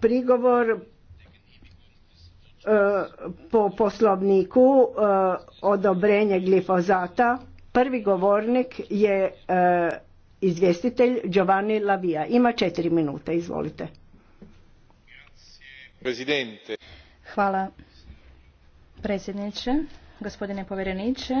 prigovor e, po poslovniku e, odobrenje glifozata. Prvi govornik je e, izvjestitelj Giovanni Lavija. Ima četiri minute, izvolite. Hvala predsjedniče, gospodine povjereniče,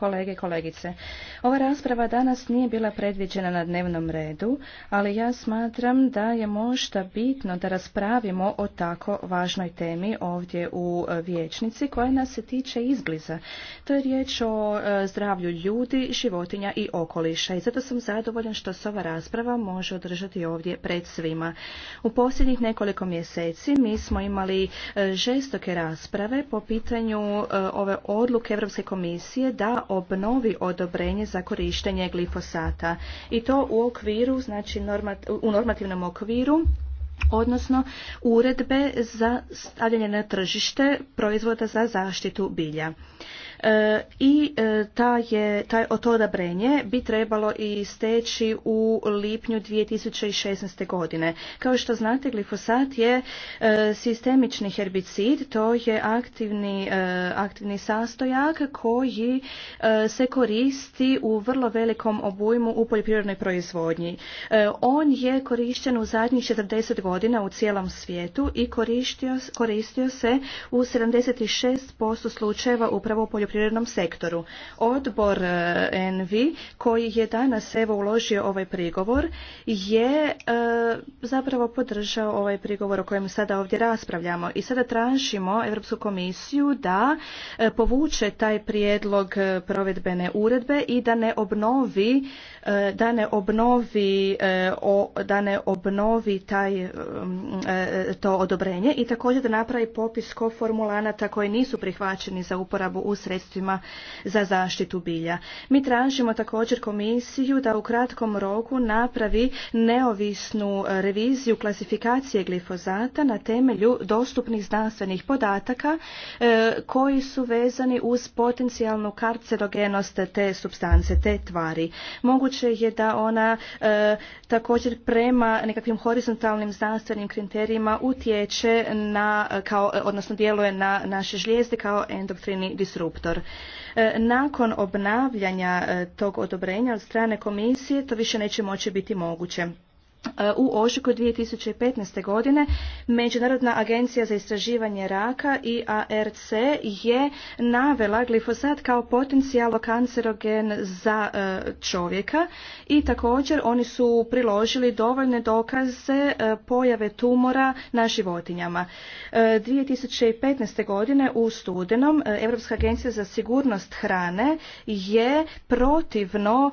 kolege i kolegice. Ova rasprava danas nije bila predviđena na dnevnom redu, ali ja smatram da je možda bitno da raspravimo o tako važnoj temi ovdje u e, vječnici koja nas se tiče izbliza. To je riječ o e, zdravlju ljudi, životinja i okoliša i zato sam zadovoljan što se ova rasprava može održati ovdje pred svima. U posljednjih nekoliko mjeseci mi smo imali e, žestoke rasprave po pitanju ove odluke Europske komisije da obnovi odobrenje za korištenje glifosata i to u okviru, znači u normativnom okviru odnosno uredbe za stavljanje na tržište proizvoda za zaštitu bilja. E, i e, ta je, taj odobrenje bi trebalo i steći u lipnju 2016. godine. Kao što znate, glifosat je e, sistemični herbicid, to je aktivni, aktivni sastojak koji se koristi u vrlo velikom obujmu u poljoprivrednoj proizvodnji. On je korišten u zadnjih 40 godina u cijelom svijetu i koristio, se u 76% slučajeva upravo u poljoprivrednom sektoru. Odbor Envi koji je danas evo uložio ovaj prigovor je e, zapravo podržao ovaj prigovor o kojem sada ovdje raspravljamo i sada tražimo Europsku komisiju da e, povuče taj prijedlog e, provedbene uredbe i da ne obnovi da ne obnovi da ne obnovi taj to odobrenje i također da napravi popis koformulanata koji nisu prihvaćeni za uporabu u za zaštitu bilja. Mi tražimo također komisiju da u kratkom roku napravi neovisnu reviziju klasifikacije glifozata na temelju dostupnih znanstvenih podataka e, koji su vezani uz potencijalnu karcerogenost te substance, te tvari. Moguće je da ona e, također prema nekakvim horizontalnim znanstvenim kriterijima utječe na, kao, odnosno djeluje na naše žlijezde kao endokrini disruptor. E, nakon obnavljanja e, tog odobrenja od strane komisije to više neće moći biti moguće u ožujku 2015. godine Međunarodna agencija za istraživanje raka i ARC je navela glifosat kao potencijalno kancerogen za e, čovjeka i također oni su priložili dovoljne dokaze e, pojave tumora na životinjama. 2015. E, godine u studenom Europska agencija za sigurnost hrane je protivno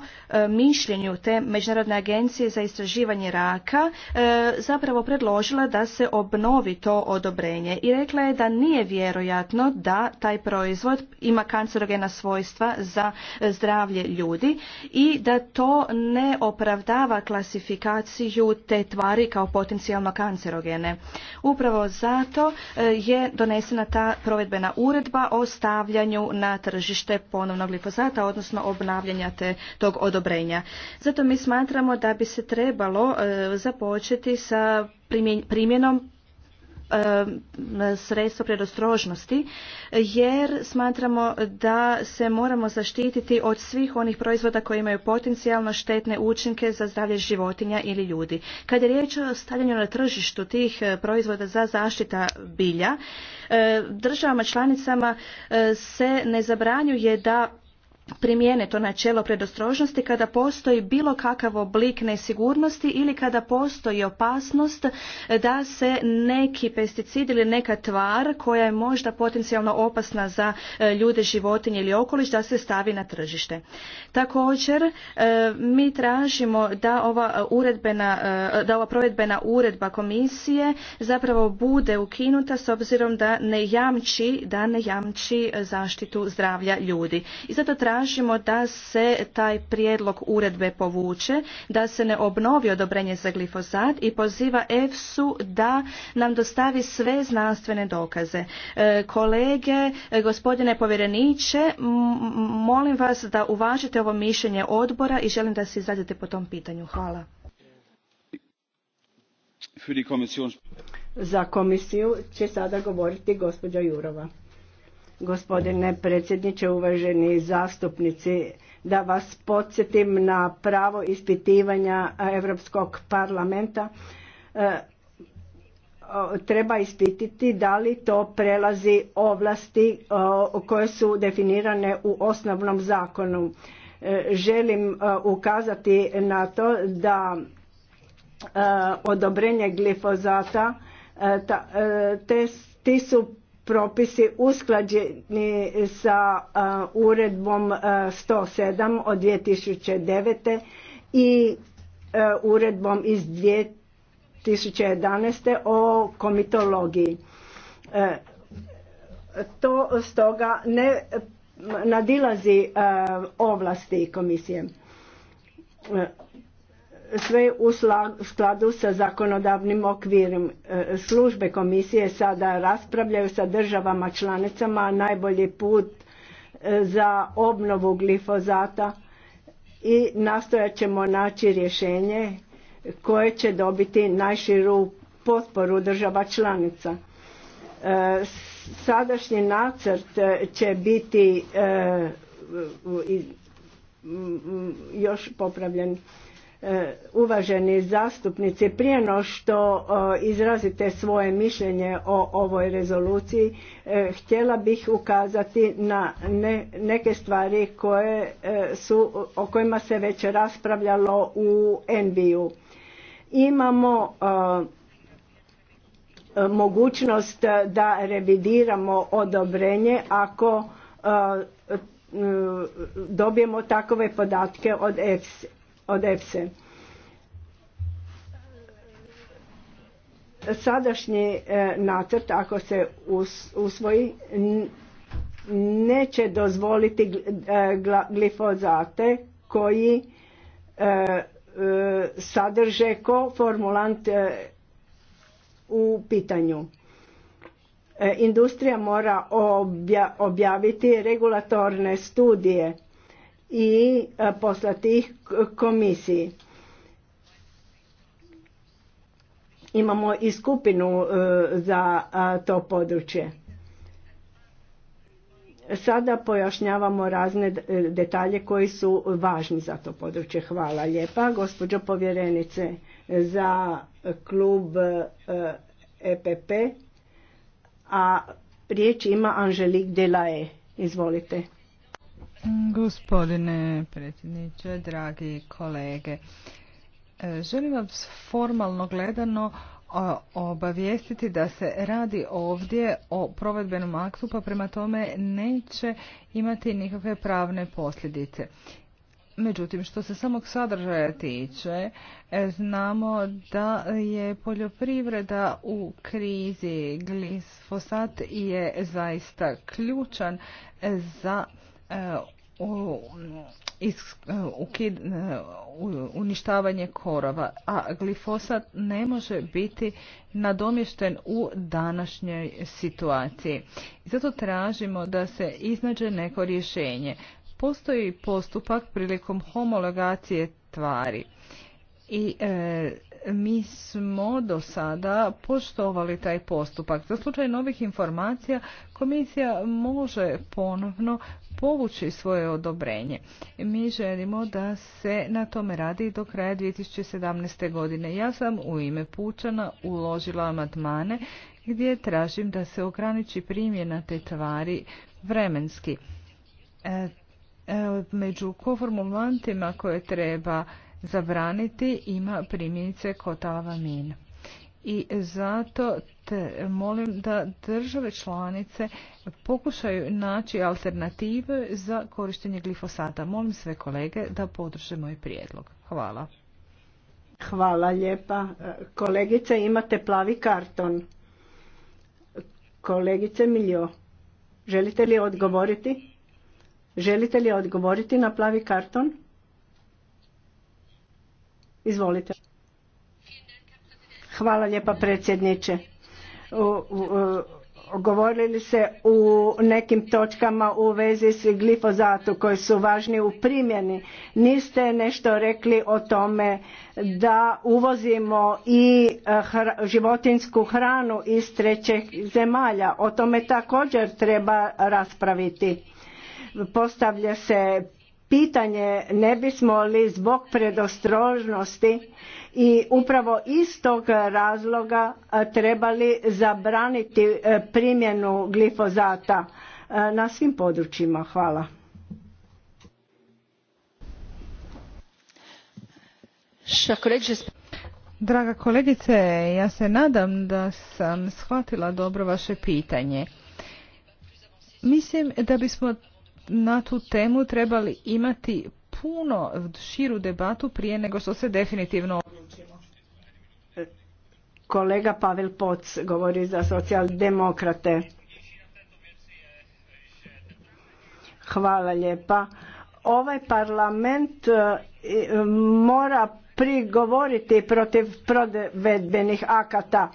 mišljenju te Međunarodne agencije za istraživanje raka Iraka e, zapravo predložila da se obnovi to odobrenje i rekla je da nije vjerojatno da taj proizvod ima kancerogena svojstva za e, zdravlje ljudi i da to ne opravdava klasifikaciju te tvari kao potencijalno kancerogene. Upravo zato e, je donesena ta provedbena uredba o stavljanju na tržište ponovnog glifosata, odnosno obnavljanja te, tog odobrenja. Zato mi smatramo da bi se trebalo E, započeti sa primjenom e, sredstva predostrožnosti jer smatramo da se moramo zaštititi od svih onih proizvoda koji imaju potencijalno štetne učinke za zdravlje životinja ili ljudi. Kada je riječ o stavljanju na tržištu tih e, proizvoda za zaštita bilja, državama članicama se ne zabranjuje da primijene to načelo predostrožnosti kada postoji bilo kakav oblik nesigurnosti ili kada postoji opasnost da se neki pesticid ili neka tvar koja je možda potencijalno opasna za e, ljude, životinje ili okoliš da se stavi na tržište. Također e, mi tražimo da ova uredbena, e, da ova provedbena uredba komisije zapravo bude ukinuta s obzirom da ne jamči, da ne jamči zaštitu zdravlja ljudi. I zato tražimo tražimo da se taj prijedlog uredbe povuče, da se ne obnovi odobrenje za glifosat i poziva EFSU da nam dostavi sve znanstvene dokaze. E, kolege, e, gospodine povjereniče, molim vas da uvažite ovo mišljenje odbora i želim da se izrazite po tom pitanju. Hvala. Za komisiju će sada govoriti gospođa Jurova gospodine predsjedniče, uvaženi zastupnici, da vas podsjetim na pravo ispitivanja Europskog parlamenta. E, treba ispititi da li to prelazi ovlasti koje su definirane u osnovnom zakonu. E, želim e, ukazati na to da odobrenje glifozata te, ti su propisi usklađeni sa uredbom 107 od 2009. i uredbom iz 2011. o komitologiji. To stoga ne nadilazi ovlasti komisije sve u skladu sa zakonodavnim okvirom. E, službe komisije sada raspravljaju sa državama članicama najbolji put e, za obnovu glifozata i nastojat ćemo naći rješenje koje će dobiti najširu potporu država članica. E, sadašnji nacrt će biti još popravljen E, uvaženi zastupnici, prije no što e, izrazite svoje mišljenje o ovoj rezoluciji, e, htjela bih ukazati na neke stvari koje su, o kojima se već raspravljalo u NBU. Imamo mogućnost da revidiramo odobrenje ako dobijemo takove podatke od EFSI od epse Sadašnji e, nacrt, ako se usvoji, neće dozvoliti e, glifozate koji e, sadrže formulant u pitanju. Industrija mora objaviti regulatorne studije i e, poslati ih komisiji. Imamo i skupinu e, za to područje. Sada pojašnjavamo razne e, detalje koji su važni za to područje. Hvala lijepa, gospođo povjerenice, za klub EPP. A riječ ima Angelique Delae. Izvolite. Gospodine predsjedniče, dragi kolege, e, želim vam formalno gledano obavijestiti da se radi ovdje o provedbenom aktu, pa prema tome neće imati nikakve pravne posljedice. Međutim, što se samog sadržaja tiče, e, znamo da je poljoprivreda u krizi. Glisfosat je zaista ključan za E, e, e, uništavanje korova, a glifosat ne može biti nadomješten u današnjoj situaciji. Zato tražimo da se iznađe neko rješenje. Postoji postupak prilikom homologacije tvari i mi smo do sada poštovali taj postupak. Za slučaj novih informacija komisija može ponovno povući svoje odobrenje. Mi želimo da se na tome radi do kraja 2017. godine. Ja sam u ime Pučana uložila amatmane gdje tražim da se ograniči primjena te tvari vremenski. E, e, među koformulantima koje treba zabraniti ima primjenice kotavamin i zato te molim da države članice pokušaju naći alternative za korištenje glifosata. Molim sve kolege da podrže moj prijedlog. Hvala. Hvala lijepa. Kolegice, imate plavi karton. Kolegice Miljo, želite li odgovoriti? Želite li odgovoriti na plavi karton? Izvolite. Hvala lijepa predsjedniče. govorili se u nekim točkama u vezi s glifozatu koji su važni u primjeni. Niste nešto rekli o tome da uvozimo i e, životinsku hranu iz trećih zemalja. O tome također treba raspraviti. Postavlja se pitanje ne bismo li zbog predostrožnosti i upravo iz tog razloga trebali zabraniti e, primjenu glifozata e, na svim područjima. Hvala. Draga kolegice, ja se nadam da sam shvatila dobro vaše pitanje. Mislim da bismo na tu temu trebali imati puno širu debatu prije nego što se definitivno odlučimo. Kolega Pavel Poc govori za socijaldemokrate. Hvala lijepa. Ovaj parlament e, mora prigovoriti protiv provedbenih akata.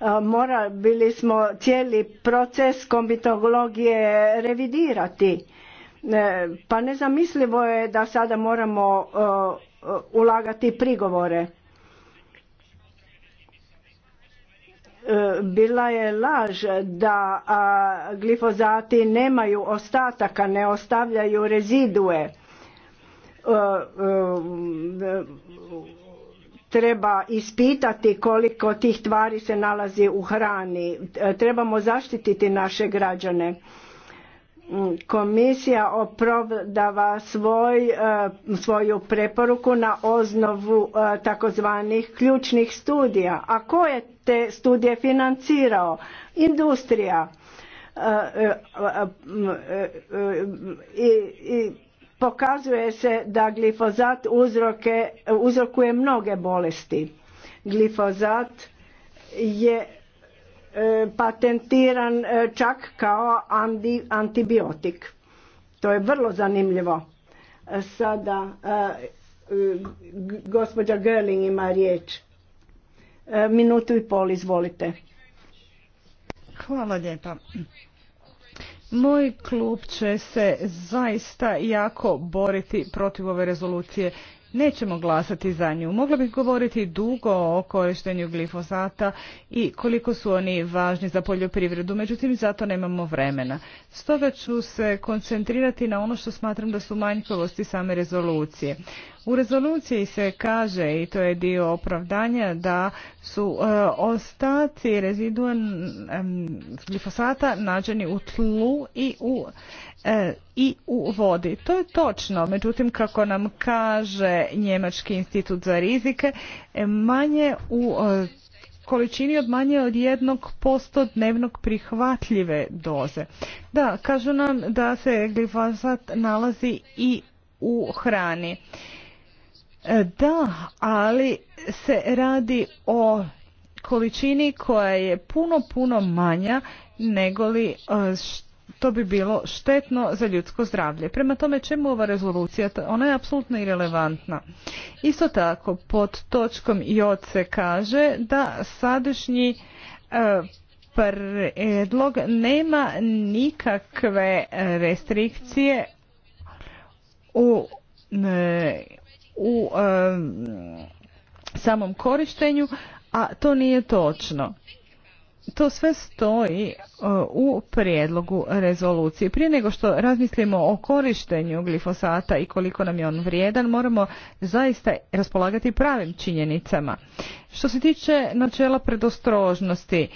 E, morali smo cijeli proces komitologije revidirati E, pa nezamislivo je da sada moramo e, ulagati prigovore. E, bila je laž da glifozati nemaju ostataka, ne ostavljaju rezidue. Treba ispitati koliko tih tvari se nalazi u hrani. Trebamo zaštititi naše građane komisija opravdava svoj, e, svoju preporuku na osnovu e, takozvanih ključnih studija. A ko je te studije financirao? Industrija. E, I, i pokazuje se da glifozat uzroke, uzrokuje mnoge bolesti. Glifozat je E, patentiran e, čak kao antibiotik. To je vrlo zanimljivo. E, sada gospođa Gerling ima riječ. Minutu i pol, izvolite. Hvala lijepa. Moj klub će se zaista jako boriti protiv ove rezolucije nećemo glasati za nju. Mogla bih govoriti dugo o korištenju glifosata i koliko su oni važni za poljoprivredu, međutim zato nemamo vremena. Stoga ću se koncentrirati na ono što smatram da su manjkovosti same rezolucije. U rezoluciji se kaže, i to je dio opravdanja, da su e, ostaci rezidua glifosata nađeni u tlu i u e, i u vodi. To je točno, međutim kako nam kaže Njemački institut za rizike, e, manje u e, količini od manje od jednog posto dnevnog prihvatljive doze. Da, kažu nam da se glifosat nalazi i u hrani. Da, ali se radi o količini koja je puno, puno manja nego li e, to bi bilo štetno za ljudsko zdravlje. Prema tome čemu ova rezolucija? Ona je apsolutno irelevantna. Isto tako, pod točkom IOC se kaže da sadašnji e, predlog nema nikakve e, restrikcije u u samom korištenju, a to nije točno. To sve stoji e, u prijedlogu rezolucije. Prije nego što razmislimo o korištenju glifosata i koliko nam je on vrijedan, moramo zaista raspolagati pravim činjenicama. Što se tiče načela predostrožnosti,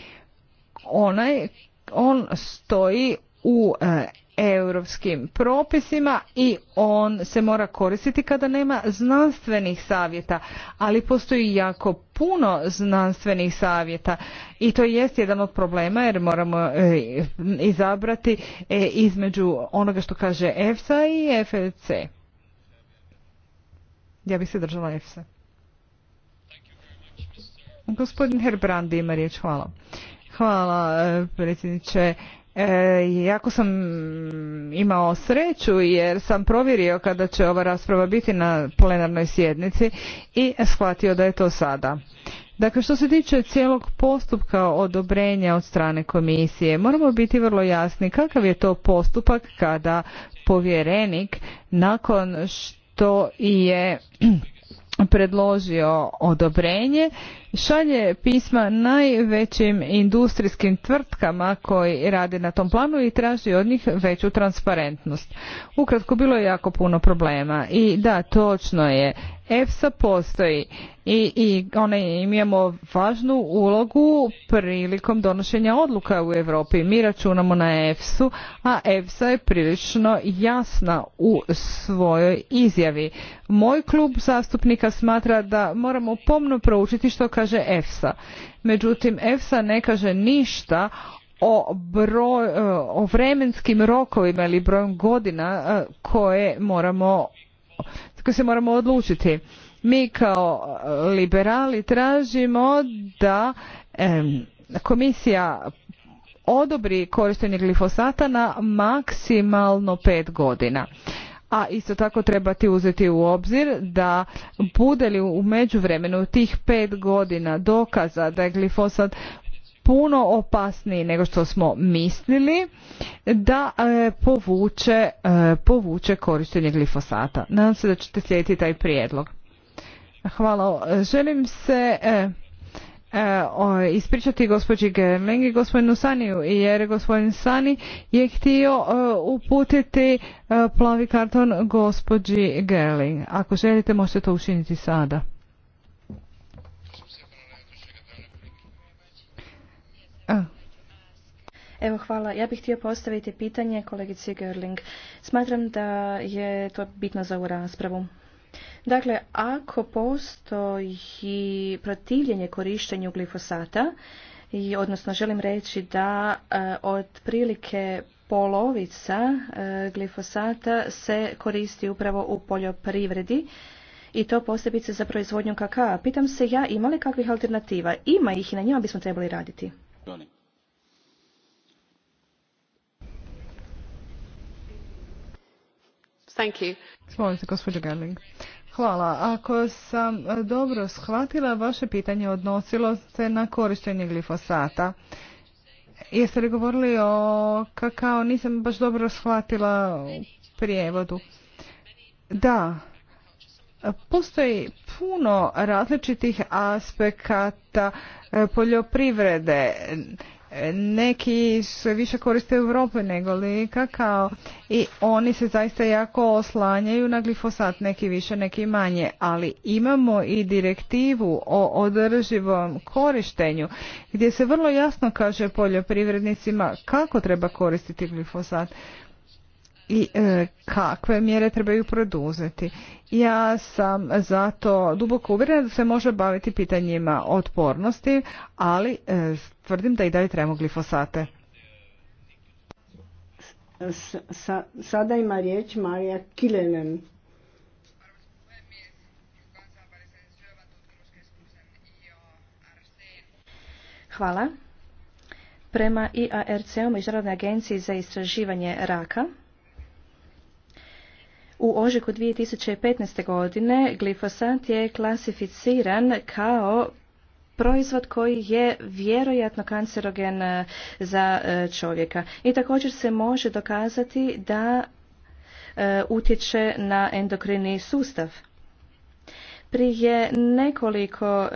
onaj on stoji u e, europskim propisima i on se mora koristiti kada nema znanstvenih savjeta, ali postoji jako puno znanstvenih savjeta i to jest jedan od problema jer moramo e, izabrati e, između onoga što kaže EFSA i FLC. Ja bih se držala EFSA. Gospodin Herbrandi ima riječ, hvala. Hvala predsjedniče. E, jako sam imao sreću jer sam provjerio kada će ova rasprava biti na plenarnoj sjednici i shvatio da je to sada. Dakle, što se tiče cijelog postupka odobrenja od strane komisije, moramo biti vrlo jasni kakav je to postupak kada povjerenik nakon što je predložio odobrenje šalje pisma najvećim industrijskim tvrtkama koji rade na tom planu i traži od njih veću transparentnost. Ukratko bilo je jako puno problema i da točno je EFSA postoji i, imamo važnu ulogu prilikom donošenja odluka u Europi. Mi računamo na EFSA, a EFSA je prilično jasna u svojoj izjavi. Moj klub zastupnika smatra da moramo pomno proučiti što kaže EFSA. Međutim, EFSA ne kaže ništa o, e, o vremenskim rokovima ili brojem godina e, koje moramo koji se moramo odlučiti. Mi kao e, liberali tražimo da komisija odobri korištenje glifosata na maksimalno pet godina. A isto tako trebati uzeti u obzir da bude li u međuvremenu tih pet godina dokaza da je glifosat puno opasniji nego što smo mislili da e, povuče, e, povuče korištenje glifosata. Nadam se da ćete slijediti taj prijedlog. Hvala. Želim se e, ispričati gospođi Gerling i gospodinu Saniju jer gospodin Sani je htio uputiti plavi karton gospođi Gerling. Ako želite možete to učiniti sada. Evo hvala. Ja bih htio postaviti pitanje kolegici Görling. Smatram da je to bitno za ovu raspravu. Dakle, ako postoji protivljenje korištenju glifosata, i odnosno želim reći da e, otprilike polovica e, glifosata se koristi upravo u poljoprivredi i to posebice za proizvodnju kakaa. Pitam se ja ima li kakvih alternativa? Ima ih i na njima bismo trebali raditi. Hvala. Ako sam e, dobro shvatila, vaše pitanje odnosilo se na korištenje glifosata. Jeste li govorili o kakao? Nisam baš dobro shvatila u prijevodu. Da, Postoji puno različitih aspekata e, poljoprivrede. Neki se više koriste u Europi nego li kakao i oni se zaista jako oslanjaju na glifosat, neki više, neki manje, ali imamo i direktivu o održivom korištenju gdje se vrlo jasno kaže poljoprivrednicima kako treba koristiti glifosat i e, kakve mjere trebaju produzeti. Ja sam zato duboko uvjerena da se može baviti pitanjima otpornosti, ali e, tvrdim da i dalje trebamo glifosate. sada ima riječ Marija Kilenen. Hvala. Prema IARC-om, Međunarodnoj agenciji za istraživanje raka, u ožiku 2015. godine glifosat je klasificiran kao proizvod koji je vjerojatno kancerogen e, za e, čovjeka. I također se može dokazati da e, utječe na endokrini sustav. Prije nekoliko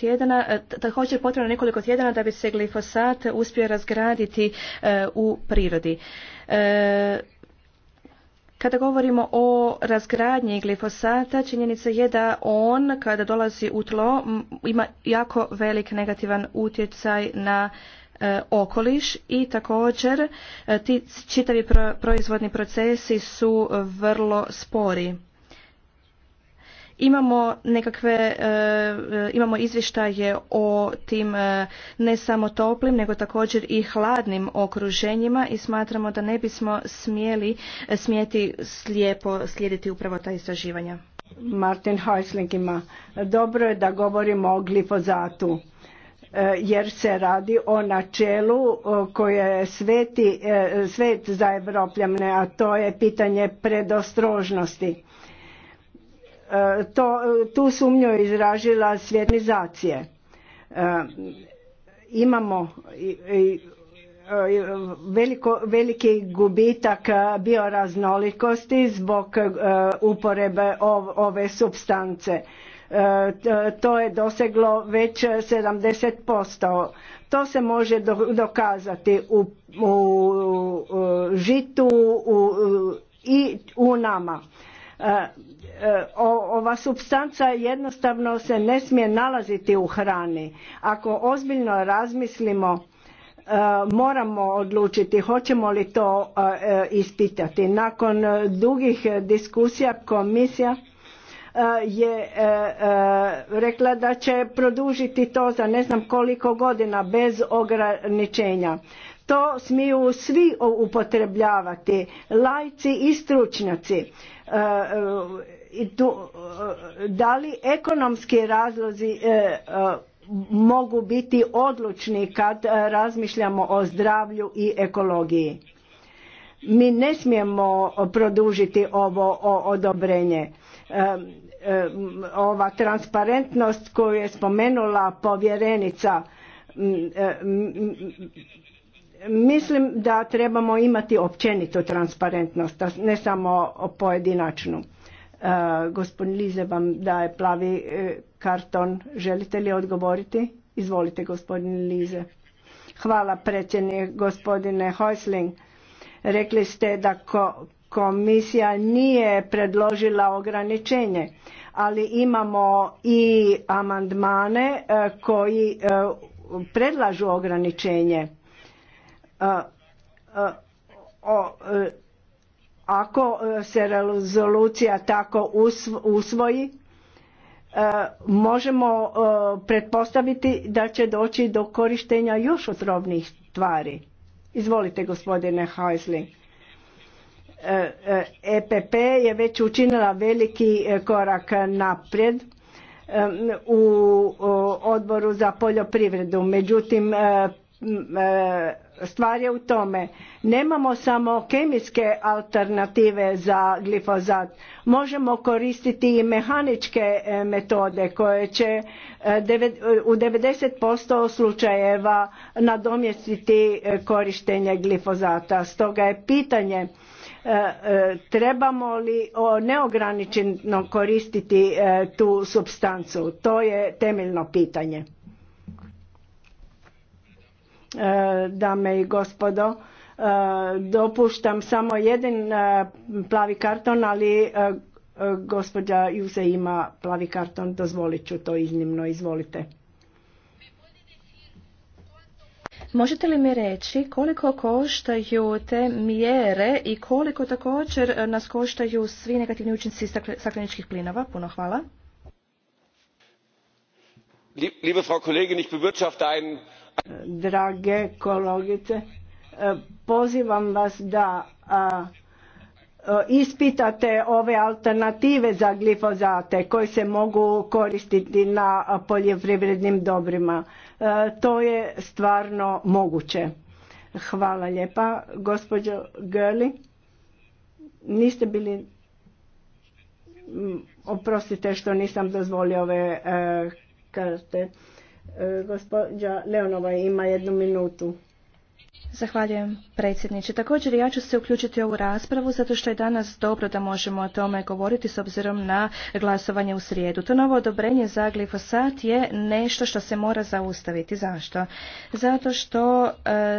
tjedana, također potrebno nekoliko tjedana da bi se glifosat uspio razgraditi u prirodi. Kada govorimo o razgradnji glifosata, činjenica je da on kada dolazi u tlo ima jako velik negativan utjecaj na e, okoliš i također e, ti čitavi proizvodni procesi su vrlo spori. Imamo nekakve, e, e, imamo izvještaje o tim e, ne samo toplim, nego također i hladnim okruženjima i smatramo da ne bismo smjeli smjeti slijepo slijediti upravo ta istraživanja. Martin Heusling ima. Dobro je da govorimo o glifozatu jer se radi o načelu koje je sveti, svet za Evropljane, a to je pitanje predostrožnosti. E, to, tu sumnju je izražila svjetlizacije. E, imamo i, veliko, veliki gubitak bioraznolikosti zbog e, uporebe ove substance. To je doseglo već 70%. To se može dokazati u, žitu u, i u nama E, ova supstanca jednostavno se ne smije nalaziti u hrani. Ako ozbiljno razmislimo e, moramo odlučiti hoćemo li to e, ispitati. Nakon dugih diskusija komisija je rekla da će produžiti to za ne znam koliko godina bez ograničenja. To smiju svi upotrebljavati, lajci i stručnjaci da li ekonomski razlozi e, e, mogu biti odlučni kad e, razmišljamo o zdravlju i ekologiji. Mi ne smijemo produžiti ovo odobrenje. Ova transparentnost koju je spomenula povjerenica, mislim da trebamo imati općenito transparentnost, ne samo pojedinačnu. E, gospodin Lize vam daje plavi e, karton. Želite li odgovoriti? Izvolite gospodin Lize. Hvala predsjednik gospodine Hojsling. Rekli ste da komisija nije predložila ograničenje, ali imamo i amandmane e, koji predlažu ograničenje. Ako e, se rezolucija tako usvoji, e, možemo e, pretpostaviti da će doći do korištenja još otrovnih tvari. Izvolite gospodine Heisling. EPP je već učinila veliki korak naprijed u odboru za poljoprivredu. Međutim, E, stvar je u tome nemamo samo kemijske alternative za glifozat možemo koristiti i mehaničke e, metode koje će e, u 90% slučajeva nadomjestiti korištenje glifozata stoga je pitanje trebamo li neograničeno koristiti tu supstancu to je temeljno pitanje E, dame i gospodo. E, dopuštam samo jedan e, plavi karton, ali gospođa Juse ima plavi karton, dozvolit ću to iznimno, izvolite. Možete li mi reći koliko koštaju te mjere i koliko također nas koštaju svi negativni učinci stakleničkih plinova? Puno hvala. Liebe Frau Kollegin, ich bewirtschafte einen Drage kolegice, e, pozivam vas da e, ispitate ove alternative za glifozate koje se mogu koristiti na poljoprivrednim dobrima. E, to je stvarno moguće. Hvala lijepa. Gospođo Gerli, niste bili... Oprostite što nisam dozvolio ove karte. E, gospođa Leonova ima jednu minutu. Zahvaljujem predsjedniče. Također ja ću se uključiti u ovu raspravu zato što je danas dobro da možemo o tome govoriti s obzirom na glasovanje u srijedu. To novo odobrenje za glifosat je nešto što se mora zaustaviti. Zašto? Zato što e,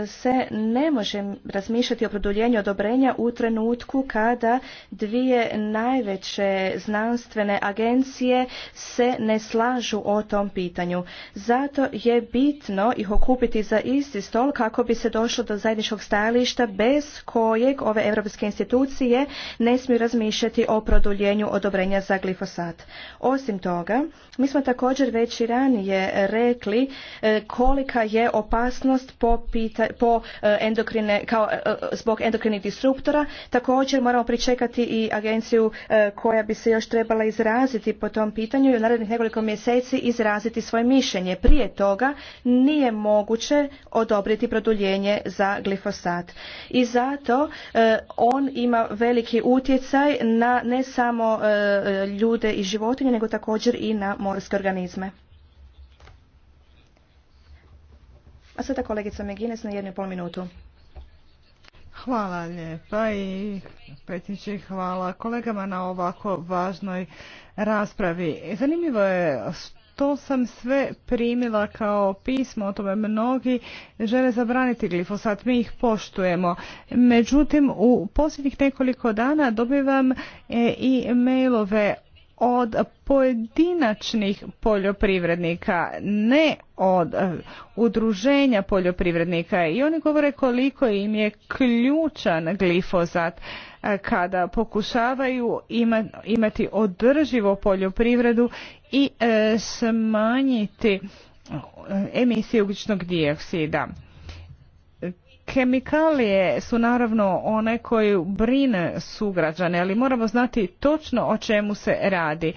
se ne može razmišljati o produljenju odobrenja u trenutku kada dvije najveće znanstvene agencije se ne slažu o tom pitanju. Zato je bitno ih okupiti za isti stol kako bi se došlo do zajedničkog stajališta bez kojeg ove europske institucije ne smiju razmišljati o produljenju odobrenja za glifosat. Osim toga, mi smo također već i ranije rekli e, kolika je opasnost po, e, endokrine, e, zbog endokrinih disruptora. Također moramo pričekati i agenciju koja bi se još trebala izraziti po tom pitanju i u narednih nekoliko mjeseci izraziti svoje mišljenje. Prije toga nije moguće odobriti produljenje za glifosat. I zato e, on ima veliki utjecaj na ne samo e, ljude i životinje, nego također i na morske organizme. A sada kolegica Megines na jednu i pol minutu. Hvala lijepa i petnići hvala kolegama na ovako važnoj raspravi. Zanimljivo je to sam sve primila kao pismo, o tome mnogi žele zabraniti glifosat, mi ih poštujemo. Međutim, u posljednjih nekoliko dana dobivam i e, mailove od pojedinačnih poljoprivrednika, ne od e, udruženja poljoprivrednika i oni govore koliko im je ključan glifosat. E, kada pokušavaju imati održivo poljoprivredu i e, smanjiti e, emisije ugljičnog dioksida. Kemikalije su naravno one koje brine sugrađane, ali moramo znati točno o čemu se radi.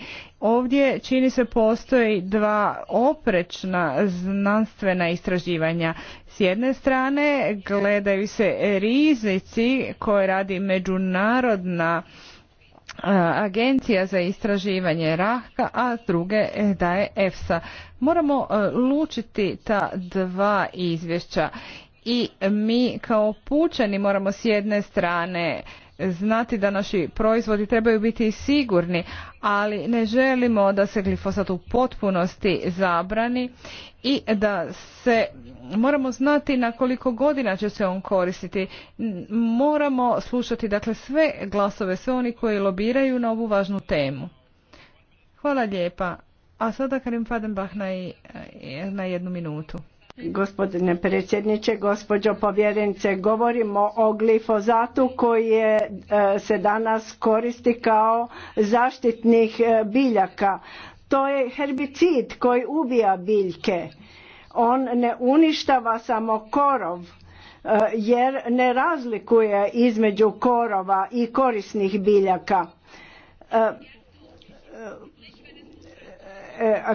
Ovdje čini se postoji dva oprečna znanstvena istraživanja. S jedne strane gledaju se rizici koje radi međunarodna e, agencija za istraživanje raka, a druge e, da je EFSA. Moramo e, lučiti ta dva izvješća i mi kao pučani moramo s jedne strane znati da naši proizvodi trebaju biti sigurni, ali ne želimo da se glifosat u potpunosti zabrani i da se moramo znati na koliko godina će se on koristiti. Moramo slušati dakle sve glasove, sve oni koji lobiraju na ovu važnu temu. Hvala lijepa. A sada Karim Fadenbach na, na jednu minutu. Gospodine predsjedniče, gospođo povjerenice, govorimo o glifozatu koji e, se danas koristi kao zaštitnih e, biljaka. To je herbicid koji ubija biljke. On ne uništava samo korov e, jer ne razlikuje između korova i korisnih biljaka.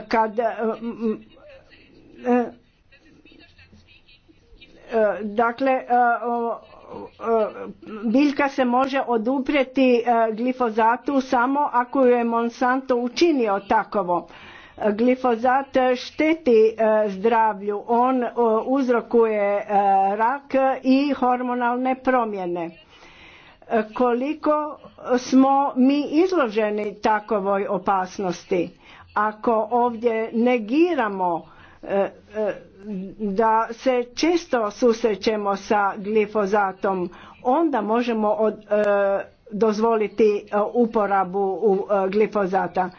Kad Dakle, e, biljka se može oduprijeti e, glifozatu samo ako ju je Monsanto učinio takovo. Glifozat šteti e, zdravlju, on uzrokuje rak i hormonalne promjene. Koliko smo mi izloženi takovoj opasnosti? Ako ovdje negiramo E, e, da se često susrećemo sa glifozatom, onda možemo e, dozvoliti uporabu glifozata.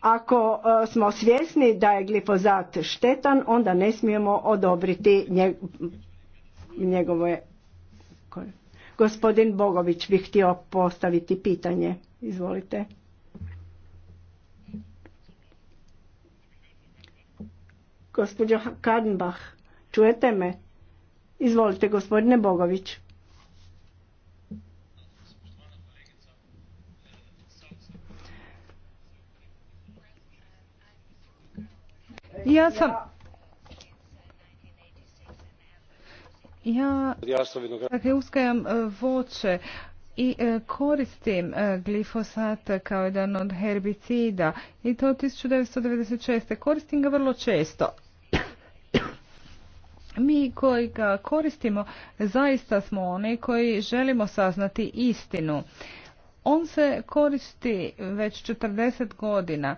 Ako smo svjesni da je glifozat štetan, onda ne smijemo odobriti njegove... Gospodin Bogović bi htio postaviti pitanje. Izvolite. Gospođo Kadenbach, čujete me? Izvolite, gospodine Bogović. Ja sam... Ja dakle, uskajam e, voće i e, koristim e, glifosat kao jedan od herbicida i to 1996. Koristim ga vrlo često, mi koji ga koristimo zaista smo oni koji želimo saznati istinu. On se koristi već 40 godina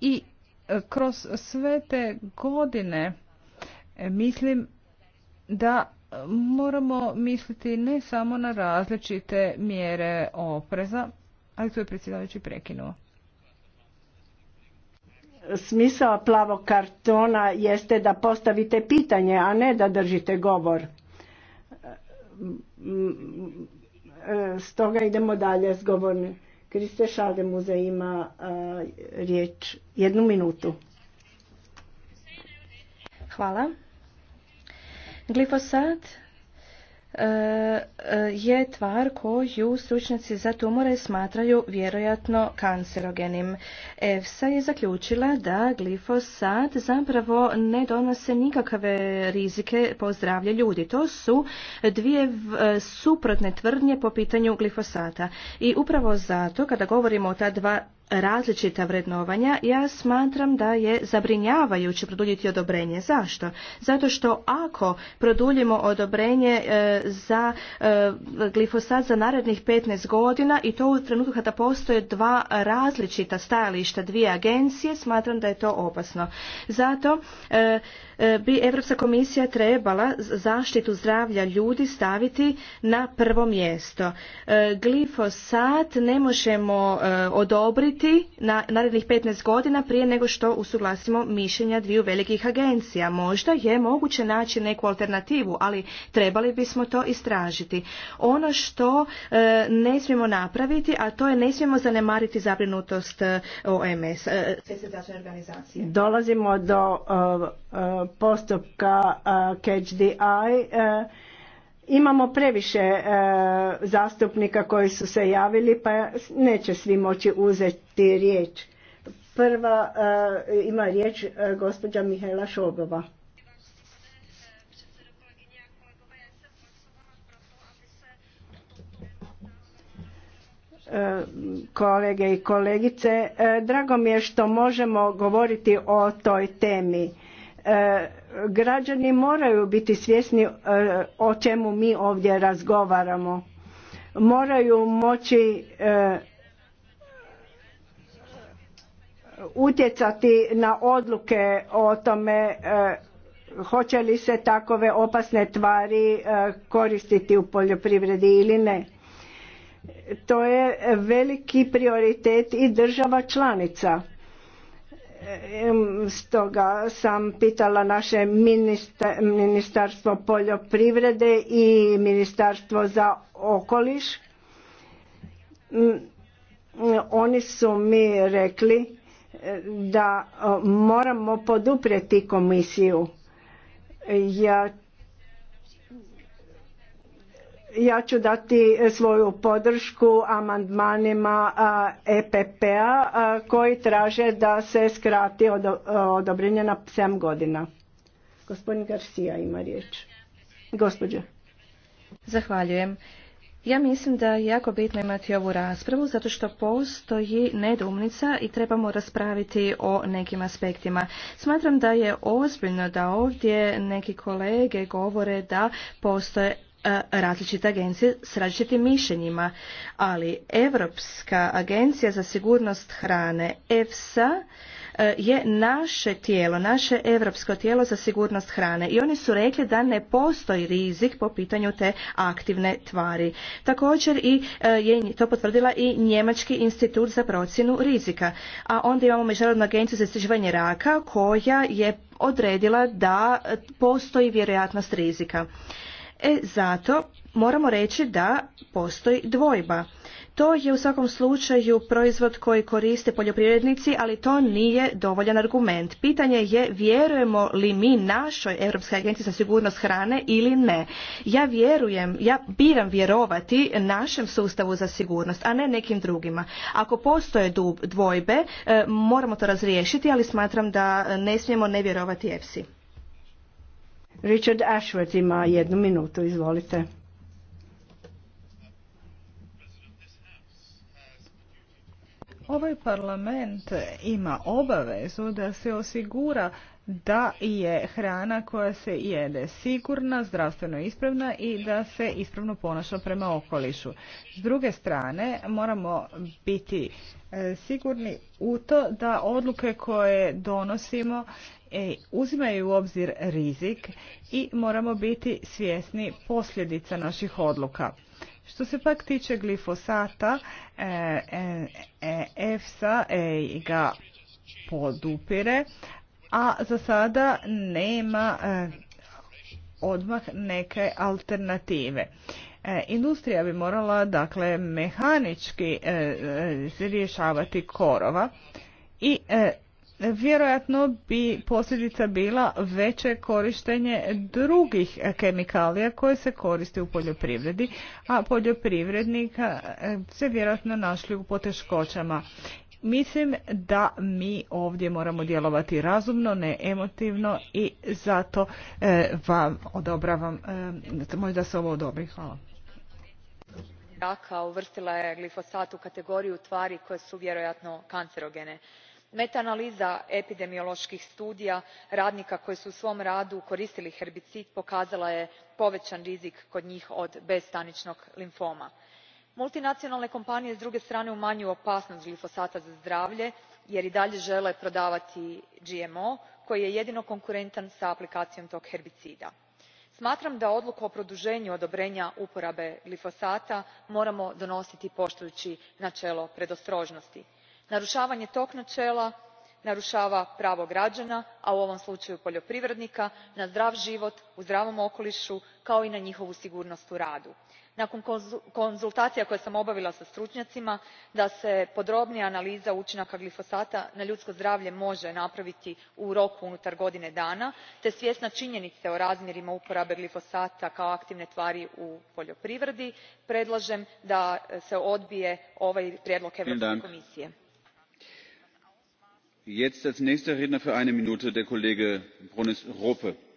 i e, kroz sve te godine e, mislim da moramo misliti ne samo na različite mjere opreza, ali tu je predsjedavajući prekinuo smisao plavog kartona jeste da postavite pitanje, a ne da držite govor. Stoga idemo dalje s govornim. Kriste za ima riječ. Jednu minutu. Hvala. Glifosat e, je tvar koju stručnjaci za tumore smatraju vjerojatno kancerogenim. EFSA je zaključila da glifosat zapravo ne donose nikakve rizike po zdravlje ljudi. To su dvije suprotne tvrdnje po pitanju glifosata. I upravo zato kada govorimo o ta dva različita vrednovanja, ja smatram da je zabrinjavajuće produljiti odobrenje. Zašto? Zato što ako produljimo odobrenje e, za e, E, glifosat za narednih 15 godina i to u trenutku kada postoje dva različita stajališta, dvije agencije, smatram da je to opasno. Zato e, E, bi Europska komisija trebala zaštitu zdravlja ljudi staviti na prvo mjesto. E, glifosat ne možemo e, odobriti na narednih 15 godina prije nego što usuglasimo mišljenja dviju velikih agencija. Možda je moguće naći neku alternativu, ali trebali bismo to istražiti. Ono što ne smijemo napraviti, a to je ne smijemo zanemariti zabrinutost OMS. Dolazimo do postupka uh, Catch the Eye uh, imamo previše uh, zastupnika koji su se javili pa neće svi moći uzeti riječ. Prva ima riječ gospođa Mihajla Šobova kolege i kolegice. Drago mi je što možemo govoriti o toj temi. E, građani moraju biti svjesni e, o čemu mi ovdje razgovaramo. Moraju moći e, utjecati na odluke o tome hoće li se takove opasne tvari koristiti u poljoprivredi ili ne. To je veliki prioritet i država članica Stoga sam pitala naše ministarstvo poljoprivrede i ministarstvo za okoliš. Mm, oni su mi rekli e, da e, moramo poduprijeti komisiju. Ja ja ću dati e, svoju podršku amandmanima EPP-a koji traže da se skrati e, odobrenje na 7 godina. Gospodin Garcia ima riječ. Gospodje. Zahvaljujem. Ja mislim da je jako bitno imati ovu raspravu zato što postoji nedumnica i trebamo raspraviti o nekim aspektima. Smatram da je ozbiljno da ovdje neki kolege govore da postoje E, različite agencije s različitim mišljenjima, ali Europska agencija za sigurnost hrane EFSA e, je naše tijelo, naše europsko tijelo za sigurnost hrane i oni su rekli da ne postoji rizik po pitanju te aktivne tvari. Također i e, je to potvrdila i Njemački institut za procjenu rizika. A onda imamo Međunarodnu agenciju za istraživanje raka koja je odredila da postoji vjerojatnost rizika. E, zato moramo reći da postoji dvojba. To je u svakom slučaju proizvod koji koriste poljoprivrednici, ali to nije dovoljan argument. Pitanje je vjerujemo li mi našoj Europskoj agenciji za sigurnost hrane ili ne. Ja vjerujem, ja biram vjerovati našem sustavu za sigurnost, a ne nekim drugima. Ako postoje dvojbe, e, moramo to razriješiti, ali smatram da ne smijemo ne vjerovati EFSI. Richard Ashworth ima jednu minutu, izvolite. Ovaj parlament ima obavezu da se osigura da je hrana koja se jede sigurna, zdravstveno ispravna i da se ispravno ponaša prema okolišu. S druge strane, moramo biti e, sigurni u to da odluke koje donosimo e, uzimaju u obzir rizik i moramo biti svjesni posljedica naših odluka. Što se pak tiče glifosata, e, e, e, EFSA ga podupire, a za sada nema odmah neke alternative. Industrija bi morala dakle mehanički rješavati korova i vjerojatno bi posljedica bila veće korištenje drugih kemikalija koje se koriste u poljoprivredi, a poljoprivrednika eh, se vjerojatno našli u poteškoćama. Mislim da mi ovdje moramo djelovati razumno, ne emotivno i zato eh, vam odobravam, eh, možda se ovo odobri. Hvala raka uvrstila je glifosat u kategoriju tvari koje su vjerojatno kancerogene Metaanaliza epidemioloških studija radnika koji su u svom radu koristili herbicid pokazala je povećan rizik kod njih od bestaničnog limfoma. multinacionalne kompanije s druge strane umanjuju opasnost glifosata za zdravlje jer i dalje žele prodavati gmo koji je jedino konkurentan s aplikacijom tog herbicida. smatram da odluku o produženju odobrenja uporabe glifosata moramo donositi poštujući načelo predostrožnosti narušavanje tog načela narušava pravo građana a u ovom slučaju poljoprivrednika na zdrav život u zdravom okolišu kao i na njihovu sigurnost u radu. nakon konzultacija koje sam obavila sa stručnjacima da se podrobnija analiza učinaka glifosata na ljudsko zdravlje može napraviti u roku unutar godine dana te svjesna činjenice o razmjerima uporabe glifosata kao aktivne tvari u poljoprivredi predlažem da se odbije ovaj prijedlog europske komisije.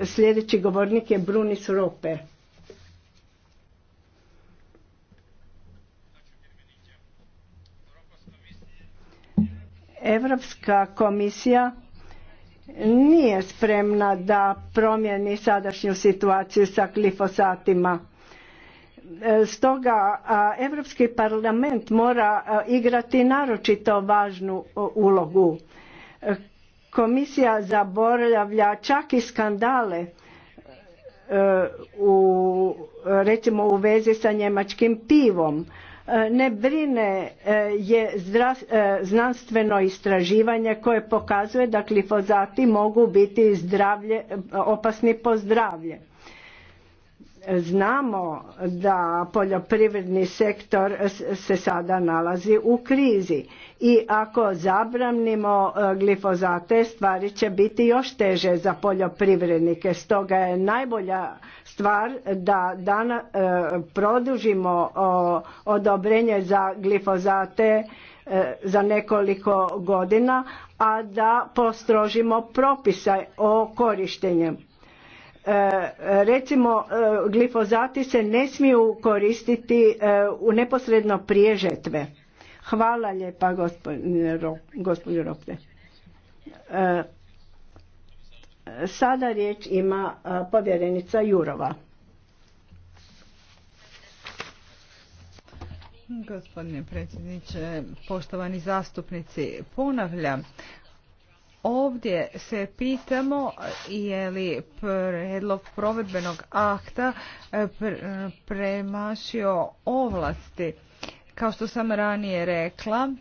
Sljedeći govornik je Brunis Rope. Europska komisija nije spremna da promijeni sadašnju situaciju sa glifosatima. Stoga Europski parlament mora igrati naročito važnu ulogu Komisija zaboravlja čak i skandale e, u, recimo u vezi sa njemačkim pivom. E, ne brine e, je znanstveno istraživanje koje pokazuje da glifozati mogu biti zdravlje, opasni po zdravlje Znamo da poljoprivredni sektor se sada nalazi u krizi i ako zabranimo e, glifozate stvari će biti još teže za poljoprivrednike. Stoga je najbolja stvar da dana, e, produžimo odobrenje za glifozate e, za nekoliko godina, a da postrožimo propise o korištenju E, recimo e, glifozati se ne smiju koristiti e, u neposredno prije žetve. Hvala lijepa gospođo Ropte. Sada riječ ima povjerenica Jurova. Gospodine predsjedniče, poštovani zastupnici, ponavljam, Ovdje se pitamo je li prijedlog provedbenog akta e, premašio ovlasti. Kao što sam ranije rekla,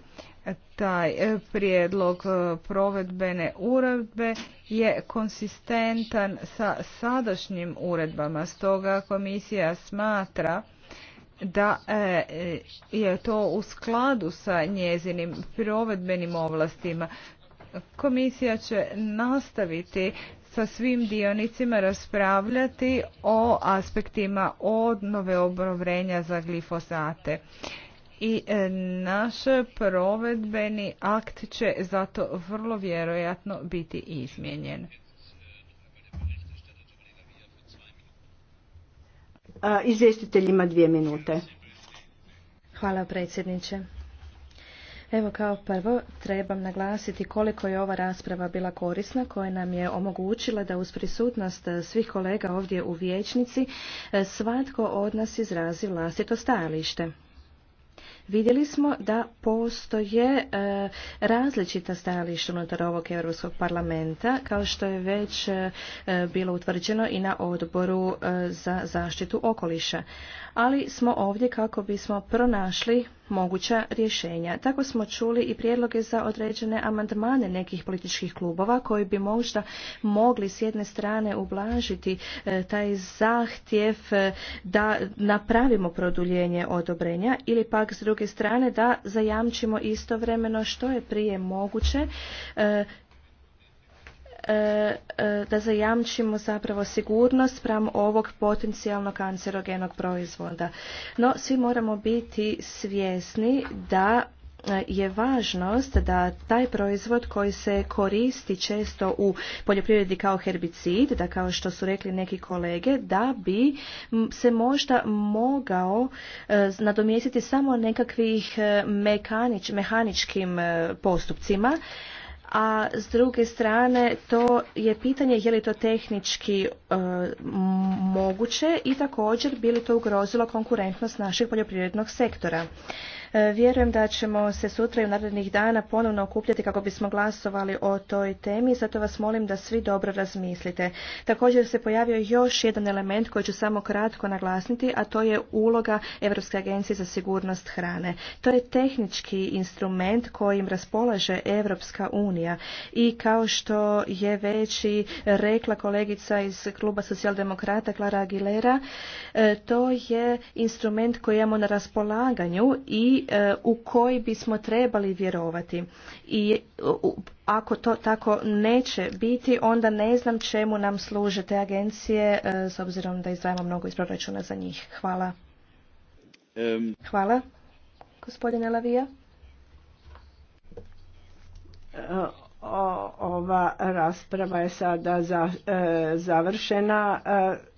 taj e, prijedlog e, provedbene uredbe je konsistentan sa sadašnjim uredbama. Stoga komisija smatra da je to u skladu sa njezinim provedbenim ovlastima. Komisija će nastaviti sa svim dionicima raspravljati o aspektima odnove obrovrenja za glifosate. I e, naš provedbeni akt će zato vrlo vjerojatno biti izmijenjen. Izvjestitelj ima dvije minute. Hvala predsjedniče. Evo kao prvo trebam naglasiti koliko je ova rasprava bila korisna koja nam je omogućila da uz prisutnost svih kolega ovdje u vijećnici e, svatko od nas izrazi vlastito stajalište. Vidjeli smo da postoje e, različita stajališta unutar ovog Europskog parlamenta, kao što je već e, bilo utvrđeno i na odboru za zaštitu okoliša. Ali smo ovdje kako bismo pronašli moguća rješenja. Tako smo čuli i prijedloge za određene amandmane nekih političkih klubova koji bi možda mogli s jedne strane ublažiti e, taj zahtjev e, da napravimo produljenje odobrenja ili pak s druge strane da zajamčimo istovremeno što je prije moguće e, E, e, da zajamčimo zapravo sigurnost spram ovog potencijalno kancerogenog proizvoda. No, svi moramo biti svjesni da e, je važnost da taj proizvod koji se koristi često u poljoprivredi kao herbicid, da kao što su rekli neki kolege, da bi se možda mogao nadomjestiti samo nekakvih mehaničkim postupcima, a s druge strane to je pitanje je li to tehnički e, moguće i također bi li to ugrozilo konkurentnost našeg poljoprivrednog sektora. E, vjerujem da ćemo se sutra i u narednih dana ponovno okupljati kako bismo glasovali o toj temi, zato vas molim da svi dobro razmislite. Također se pojavio još jedan element koji ću samo kratko naglasniti, a to je uloga Europske agencije za sigurnost hrane. To je tehnički instrument kojim raspolaže Europska unija i kao što je već i rekla kolegica iz kluba socijaldemokrata Klara Aguilera, e, to je instrument koji imamo na raspolaganju i E, u koji bismo trebali vjerovati. I ako to tako neće biti, onda ne znam čemu nam služe te agencije, e, s obzirom da izdajemo mnogo iz proračuna za njih. Hvala. Hvala, gospodine Lavija. E, ova rasprava je sada za, završena.